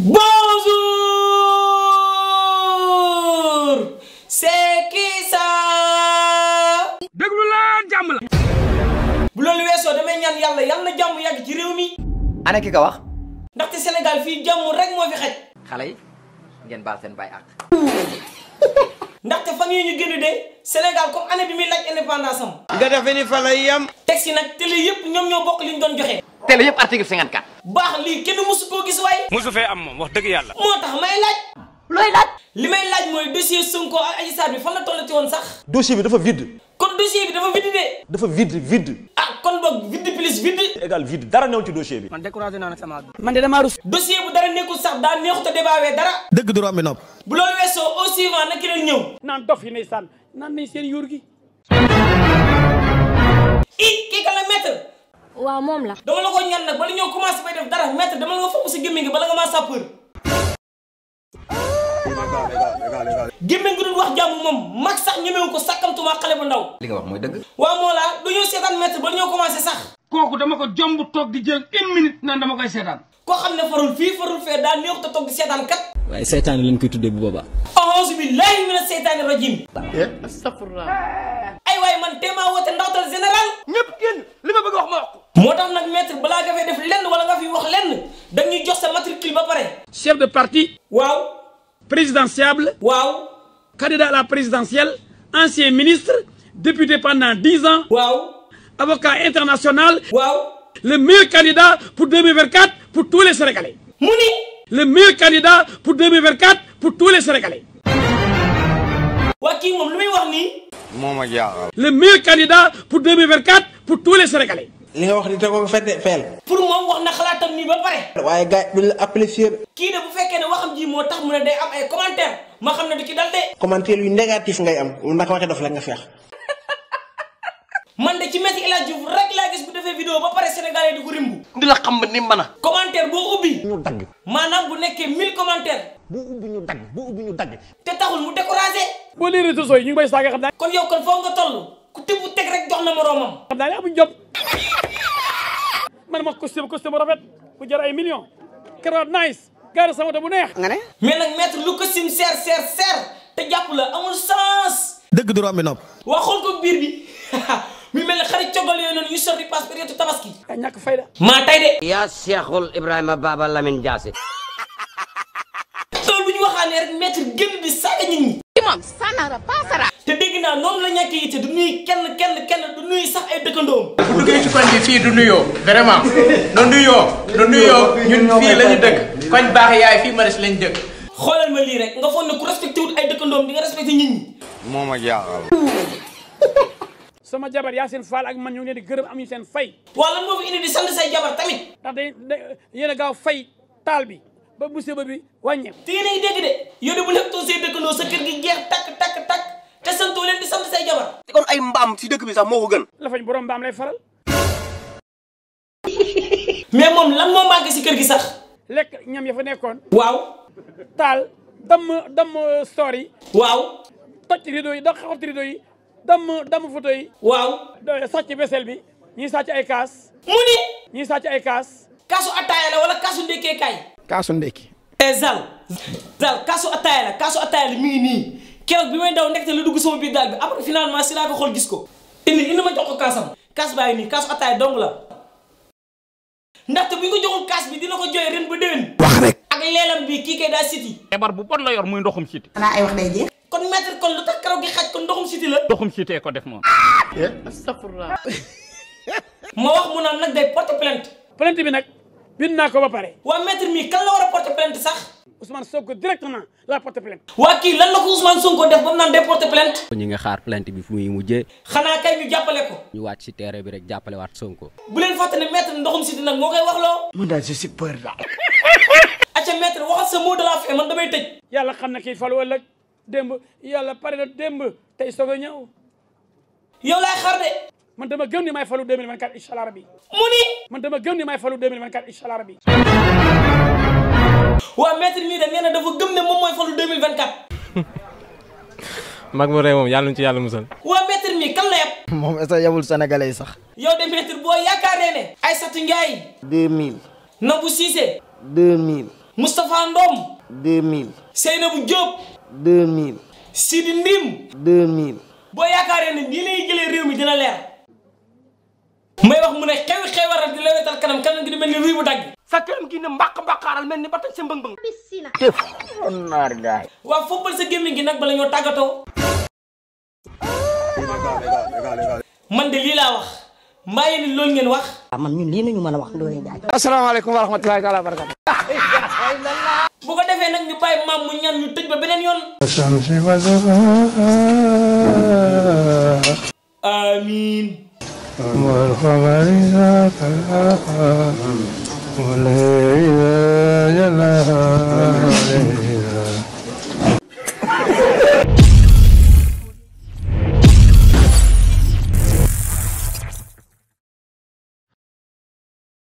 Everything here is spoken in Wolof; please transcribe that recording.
Bonjour c'est qui ça leen jàmm la bu loolu weesoo damay ñaan yàlla yàlla na jàmm ci réew mi ana ki ko wax ndaxte Sénégal fii jàmm rek moo fi xaj xale ngeen baal seen baay ak ndaxte fan yii ñu génn de Sénégal comme année bi indépendance am nga ni yam télé ñoo bokk doon télé yëpp article 54. baax lii kenn mësu koo gis waaye. mësu fee am moom wax dëgg yàlla. moo tax may laaj. looy laaj. li may laaj mooy dossier Sonko ak Adji Sarr bi fan la tollati woon sax. dossier bi dafa vide. kon dossier bi dafa vide de. dafa vide vide. Ah, kon boog vide plus vide. dara newu ci dossier bi. man découragé naa nag sama man de damaa rus. dossier bu dara nekkul sax daa neexut a débaawee dara. dëgg du romb nopp. bu loolu weesoo au suivant na ki ñëw. naan dof yi nay sànn naan nañ seen yóor gi. i kii la maître. wa mom la dama la ko ñaan nag bala ñoo commencé bay def dara maître dama la nga fofu sa gémmiñ nga bala nga ma sapeur gémmiñ gi doon wax jamm mom mak sax ñemewu ko ma xale bu ndaw li nga wax mooy dëgg waaw moo laa dañoo sétan maître bala ñoo commencé sax koku dama ko jomb tok di jël 1 minute nan dama koy sétan ko xamne farul fi farul fe da neex ta tok di sétan kat way sétan lañ koy tuddé bu baba a'udhu billahi mina seytaani rajim ya, astaghfirullah ay way man téma wote ndawtal général ñëpp génn li ma bëgg wax ma wax motam nak maître def lenn wala nga fi wax lenn jox sa matricule ba paré chef de parti. waaw. présidentiable. waaw. candidat à la présidentielle. ancien ministre. député pendant 10 ans. waaw. avocat international. waaw. le meilleur candidat pour 2024 pour tous les Sénégalais. Mouni, le meilleur candidat pour 2024 pour tous les Sénégalais. lu wax le meilleur candidat pour 2024 pour tous les Sénégalais. li nga wax ni te fete fel pour mom wax na khalatam ni ba pare waye gaay du la apprécier ki de bu fekke ne waxam ji moo tax mu ne day am ay commentaire ma xamne du ci dal de commentaire yu négatif ngay am nak waxe dof la nga fex man de ci metti El Hadji rek la gis bu defé vidéo ba pare sénégalais du ko rimbu di la xam ni mana commentaire bo ubi ñu dag manam bu nekké 1000 commentaire bu ubi ñu dag bu ubi ñu dag té taxul mu décourager bo lii réseaux yi ñu ngi bay sagay xam na kon yow kon fo nga tollu ku tëbu teg rek jox na moroomam. xam naa ne man ma costume costume rafet bu jar ay millions cravate nice gaari sama oto bu neex. nga ne. mais nag te jàpp la amul sens. dëgg du rombi nopp. waa biir bi mu mel ne xarit cogal yooyu noonu yu sori passe période tabaski. yaa ñàkk fayda. maa tay de. yaa Cheikhul Ibrahima Baba Lamine Diassé. loolu bu ñu waxaanee rek maître génn di saaga nit ñi. moom pas. fii kenn kenn kenn du nuyu sax ay dëkkandoom. bu duggee ci koñ bi fii du nuyoo vraiment na nuyoo na nuyoo ñun fii la ñu dëkk koñ baax yaay fii Maristes lañ dëkk. xoolal ma lii rek nga foog ne ku respecté wut ay dëkkandoom di nga respecté nit ñi. moom ak yaaxal. sama jabar Yacine Fall ak man ñu ngi leen di gërëm amuñu seen fay. waaw lan moo fi indi di sant say jabar tamit. ndax day yéen a gaaw fay taal bi ba musiba bi wàññeeku. te yéen a ngi dégg de yow de bu nekk toon say dëkkandoo sa kër gi jeex takk takk takk te santoo takk say jabar te kon ay mbaam si dëkk bi sax moo ko gën lafañ borom mbaam lay faral mais moom lan moo manqué si kër gi sax lekk ñam ya fa nekkoon waaw taal damm damm store yi waaw toj rido yi da xaxat rideau yi damm damm photo yi waaw sàcc vaisselle bi ñii sàcc ay kaas mu ni ñii sàcc ay kaas kaasu attaaya la wala kaasu ndekkee kaay kaasu ndekki eh, zal zal kaasu attaaya la kaasu attaaya la mi ngi nii kérok bi may daw nekk te la dugg sama biir dal bi après finalement si laa ko xol gis ko. indi indi ma jox ko kaasam. kas bay ni nii atay dong la. ndaxte bu ñu ko joxul kaas bi dina ko joy ren ba déwén. wax rek ak leelam bi ki kay da city feebar bu bon la yor muy ndoxum city ana ay wax day jeex. kon maître kon lu tax gi xaj kon ndoxum city la. ndoxum city ko def moom. Eh, astaghfirullah mo wax mu nan nak day porte plainte. plainte bi nak bin naa ko ba pare. wa maître mi kan la wara porte plainte sax. Ousmane Sonko directement la porte plainte. waa kii lan la ko Ousmane Sonko def ba mu naan day porte plainte. ñu ngi xaar plainte bi fu muy mujjee. xanaa kay ñu jàppale ko. ñu wàcc ci terrain bi rek jàppale waat Sonko. bu leen fàtte ne maître ndoxum siti nag moo koy wax loo. man daal je suis peur daal. acca maître waxal sa mot de la fin man damay tëj. yàlla xam na kii falu ëllëg démb yàlla pare na démb tey soog a ñëw. yow laay xaar de. man dama gëm ni may falu 2024 incha allah rabi. man dama gëm ni may falu 2024 incha allah waa maître mii de nee na dafa gëm ne moom mooy falu 2024. mag mu rey moom yàlla na ci yàlla musal. waa maître mii kan la yab. moom est-ce que yabul sénégalais yi sax. yow de maître boo yaakaaree ne. Aïssatou Ndiaye. 2000. nii lay jëlee réew mi dina leer. may wax mu ne xew xew waral di lewetal kanam kanam gi di mel ni bu dagg. sa këram gi ne mbàq mbàqaaral mel ni ba tey sa mbëng-mbëng bisina def naar gaay waaw foppal sa gémmiñ gi nag bala ñoo tàggatoo man de lii laa wax mbaa yéen loolu ngeen wax man ñun lii nañu mën a wax Ndoye Ndiaye asalaamaaleykum wa rahmatulahi wa barakatu bu ko defee nag ñu bàyyi maam mu ñaan ñu tëj ba beneen yoon amiin ولا إله إلا الله